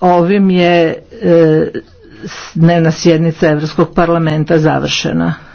ovim je e, dnevna sjednica Europskog parlamenta završena.